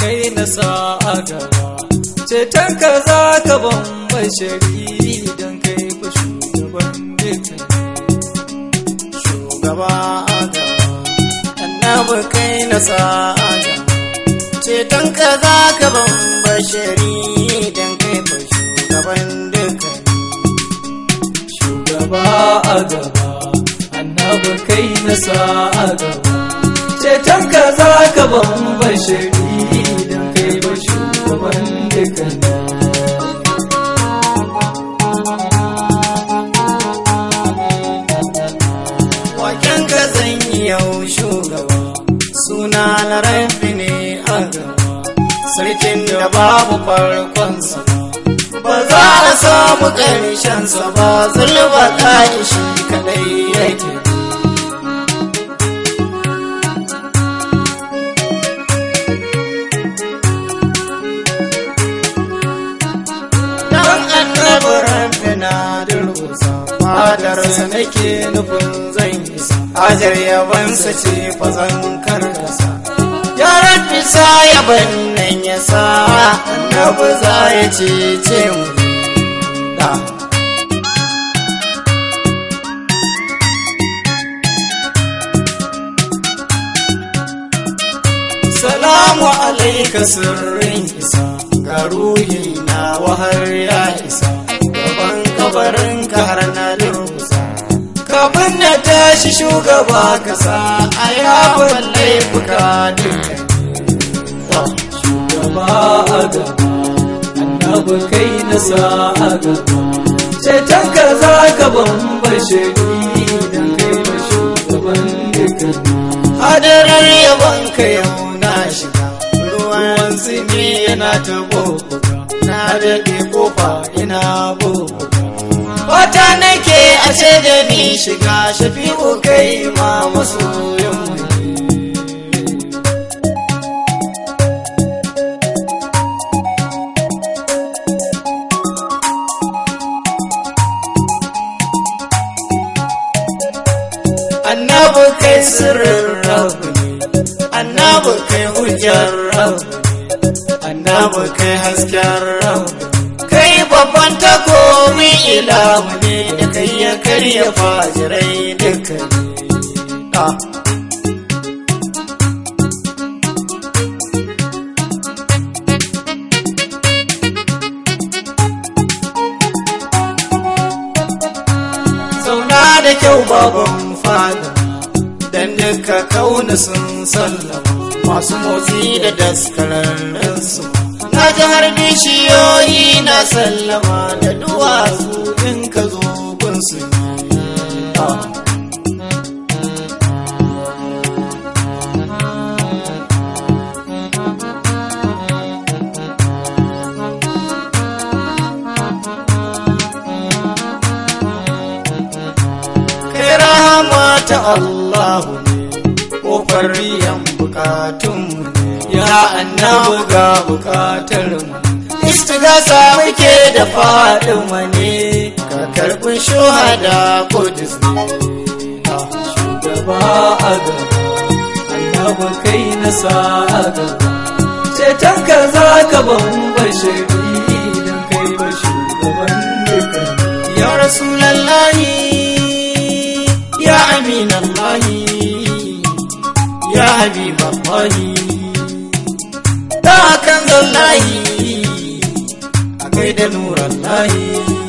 kai na za ka ban kai na sa'ada ceton ka za ka ban bashari don kai ba shugaban dukkan shugaba a gaba annabi kai na sa'a gaba ceton ka za ka ban bashari don kai ba shugaban dukkan yau suna na rafi ne a gaba sarkin da babu farkonsa ba za a samu ƙarshensa ba zulba ta shi kaɗai yake Dan annabi rafi na durgusa, nake nufin zai hajar sa ce fazan karkasa ya rabbi sa yaban nan ya sa annabi za ya ce mu salamu alaika sirrin isa ga ruhi na wahar ya isa gaban kabarin ka har na kafin na tashi shugaba kasa a yawon laifuka duka shugaba a gaba annabi kai na sa a gaba ceton ka za ka bamba shari da kai ba shugaban duka hadarar yaban ka yau na shiga ruwan zini yana ta na daɗe kofa ina bobuka fata nake a ce da ni shiga shafi kai ma musu annabu kai sirrin rabu ne annabu kai hujjar rabu annabu kai hasken rabu babban takobi ila wani da kai ya karya fajirai duka ah. Sauna da kyau babban fada don duka kauna sun sallama masu motsi da daskararrinsu. kama bishiyoyi na sallama da duwatsu in ka zo gunsu ta Allah ne, ƙofar riyan bukatun ne. ya annabu ga bukatar mu istigasa muke da faɗin ne ka karɓi shuhada ko disney na shugaba a gaba annabu kai na sa a gaba ceton ka za ka bamba shaidu idan kai ba shugaban duka ya rasu lallahi, ya aminallahi ya habiballahi nuran layi a kai da nuran layi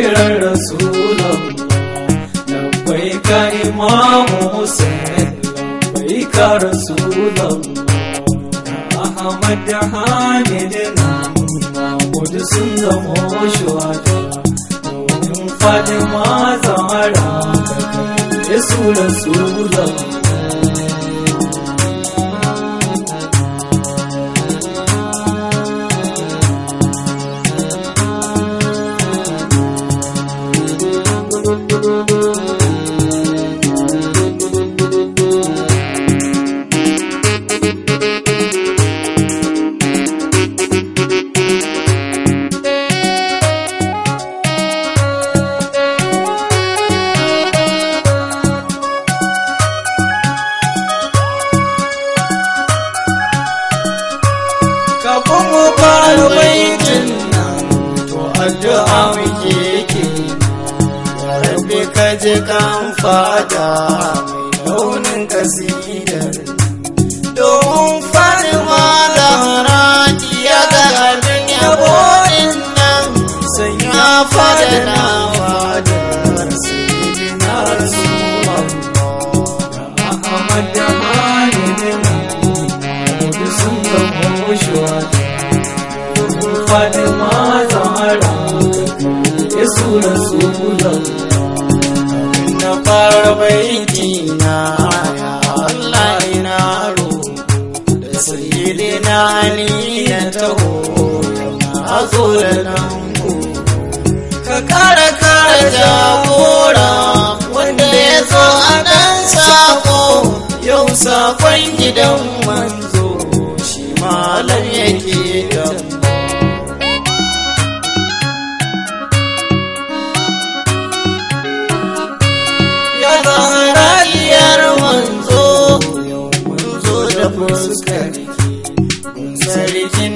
khairar rasulallah labbai ka imamu hussein labbai ka rasulallah ahmad da hamid na mahmud sun zama shuhada domin fatima zahara da kai yesu rasulallah taho hoto mazolananku ka kara kara jagora wanda ya zo a ɗan sako yau sakon gidan manzo shi malam yake da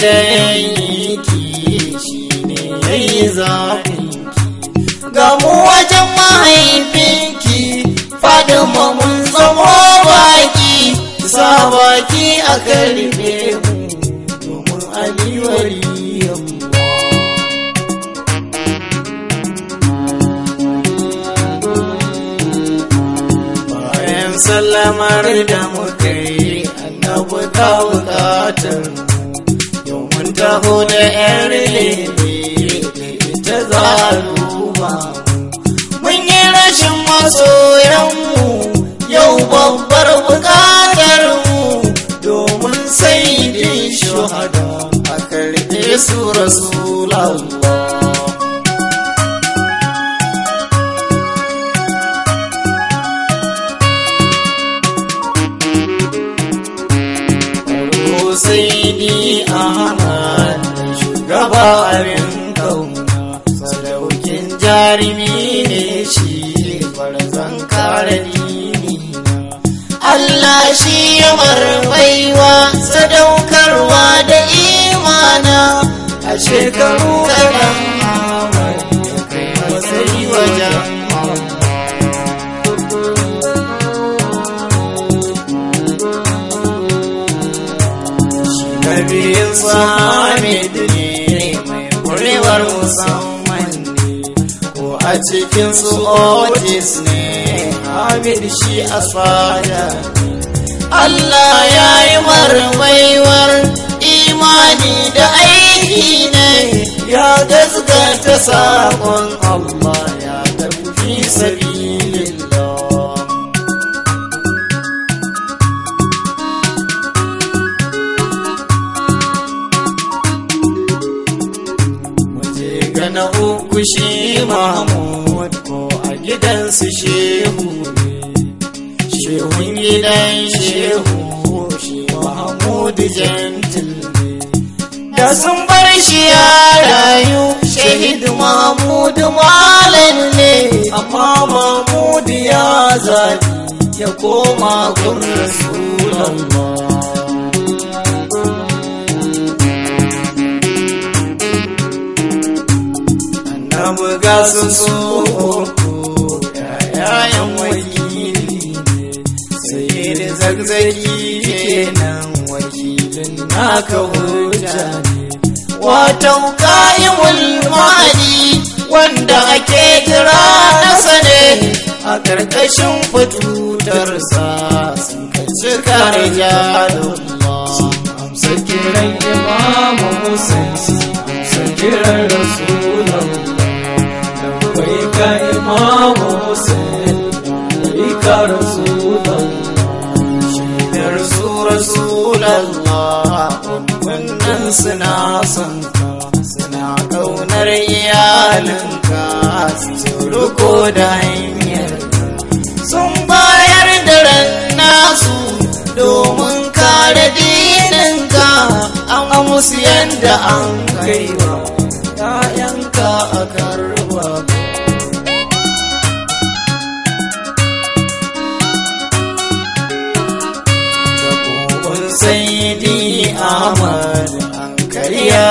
wanda ya shi ne ya yi zaɓinki ga mu wajen mahaifinki faɗin mun zamo baki sa baki a karfe mu domin aliwari sallamar da muka yi annabu ta bukatar kaho na yar lele ta zaluwa mun yi rashin masoyanmu yau babbar bukatar mu domin sai shahada a karɓe su rasulallah ba abin kauna sadaukin jarumi ne shi ne karani Allah shi ya baiwa sadaukarwa da imana a shekaru kaɗan ya kai matsayi wajen musamman ko a cikin su otis ne hamid shi a tsada Allah ya yi marmaiwar imani da aiki ne ya gasgata saƙon Allah ya tafi sabi shi mahmud ko a gidansu shehu ne shehun gidan shehu shi mahmud gentil ne da sun bar shi ya rayu shahid mahmud malin ne amma mahmud ya zabi ya koma gun rasulallah na buga su wakili ne sai da zagzagi kenan wakilin watan ka'iwul mali wanda ake kira nasa ne a ƙarƙashin fatutarsa sun kaci kare jarumma amsa kiran imamu musa amsa kiran rasulallah Imam Hussein ka Rasulallah shaidar su Rasulallah suna son ka suna ƙaunar iyalinka su riko da hanyar sun bayar da ran nasu domin kare dininka an musu yadda an kaiwa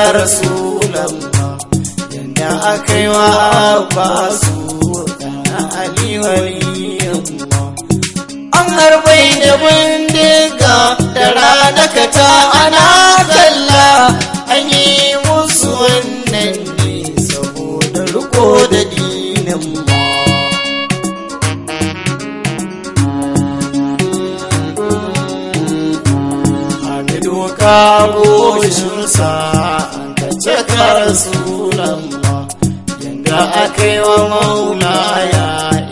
ya rasulallah yanda aka yi wa abbasu na ali waliyallah an harbai da bindiga da ranaka ta ana zalla an yi musu wannan ne saboda riko da dinin ma Hamidu ya rasulallah yanga akai wa maula ya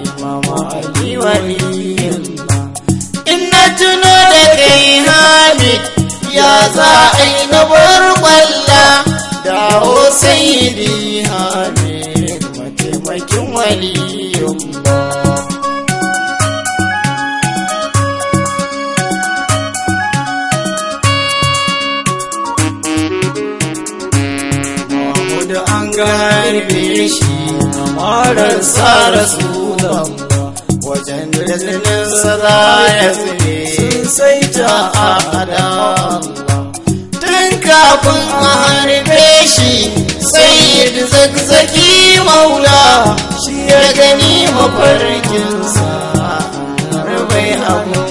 imama ali waliyin inna tuno da kai hami ya za a yi na bar kwalla dawo sayyidi hami mataimakin waliyin ba shi kamarar sa rasulan wajen da jinin sa za ya zube sun sai ta adam tun kafin a harbe shi sai da zagzaki maula shi ya gani mafarkinsa harbai abu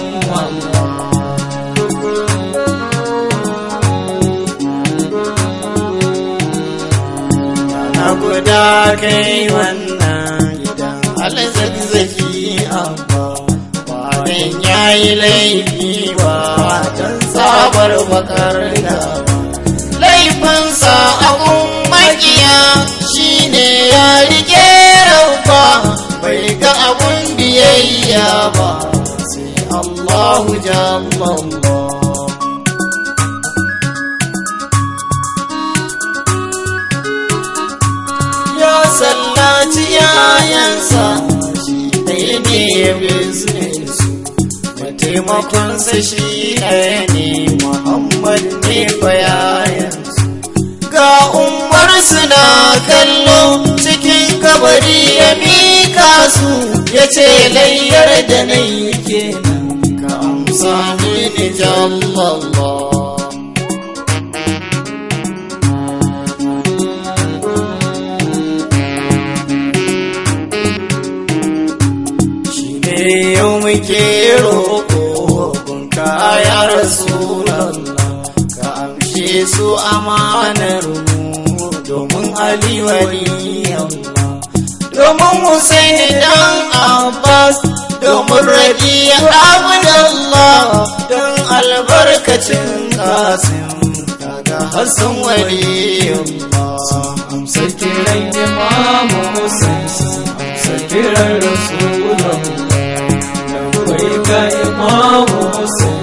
ya kai wannan gidan alzazzaki amma wannan ya yi laifi ba can sabar bakar da laifinsa abun makiya shine ya rike rauka bai ga abun biyayya ba sai Allahu jamallah taimakon sa shi ne muhammad ne bayayansu ga umar na kallo cikin kabari ya mika su ya ce layyar da na yi ke. ka amsa mini ne yau muke roƙo su amanarmu, domin Ali wali domin Hussein dan Abbas domin Rabi'a Abdullah don albarkacin Qasim daga Hassan wali amsa kiran Imam Hussein amsa kiran Rasulullah da kai ka Imam Hussein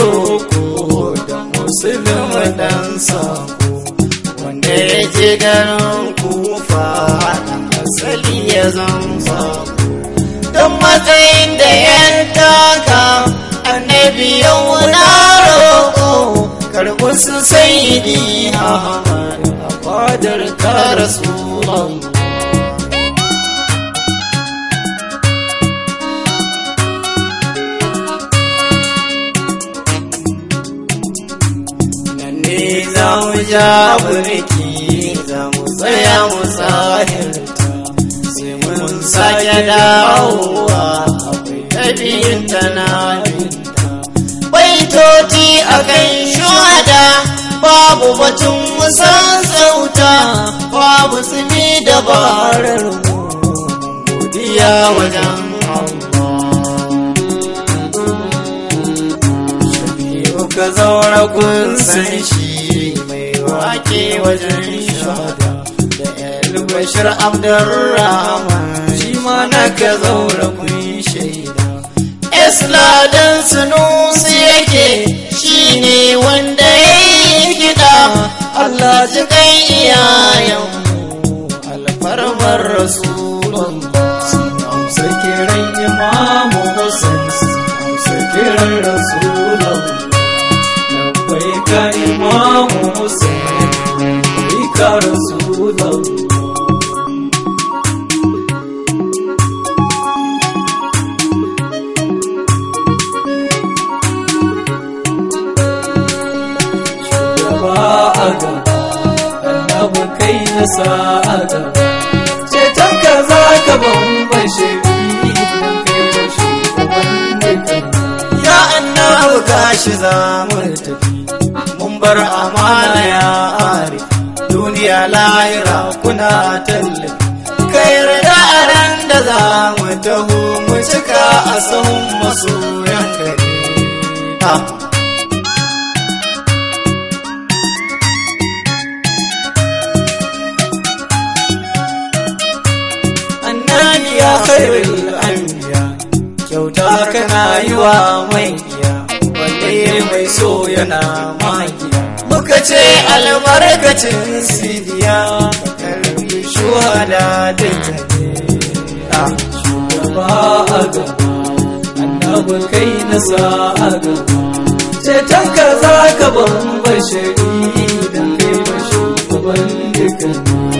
roko da musulma dan sako wanda ya je garin kufa asali ya zan sako don matsayin da ya taka annabi yau na roko karbi su sai yi a fadar ta rasu ja burki za mu tsaya mu sai mun sake dawowa akwai tabiyin ta na baitoti a kan shuhada babu batun musan sauta babu tsimi dabarar mu godiya wajen ka zaura kun san shi ke wajen shada da el bashir abdurrahman shi ma na ka zaura kun shaida isladan sunusi yake shi ne wanda ya yi gida allah ji kan iyayenmu alfarmar rasu kai na sa'ata ceton ka za ka bamban shekaru kai ya annabu gashi za mu tafi mun bar amana ya arifi duniya lahira kuna tallafi ka yarda a ran da za mu taho mu cika a san masoyan kare ya khairul anbiya kyauta kana yi wa manya wanda mai so yana magiya muka ce almarkacin sidiya shuhada da jami'a shugaba a gaba annabin kai na sa a gaba ceton ka za ka ban bashari da kai ba shugaban dukkan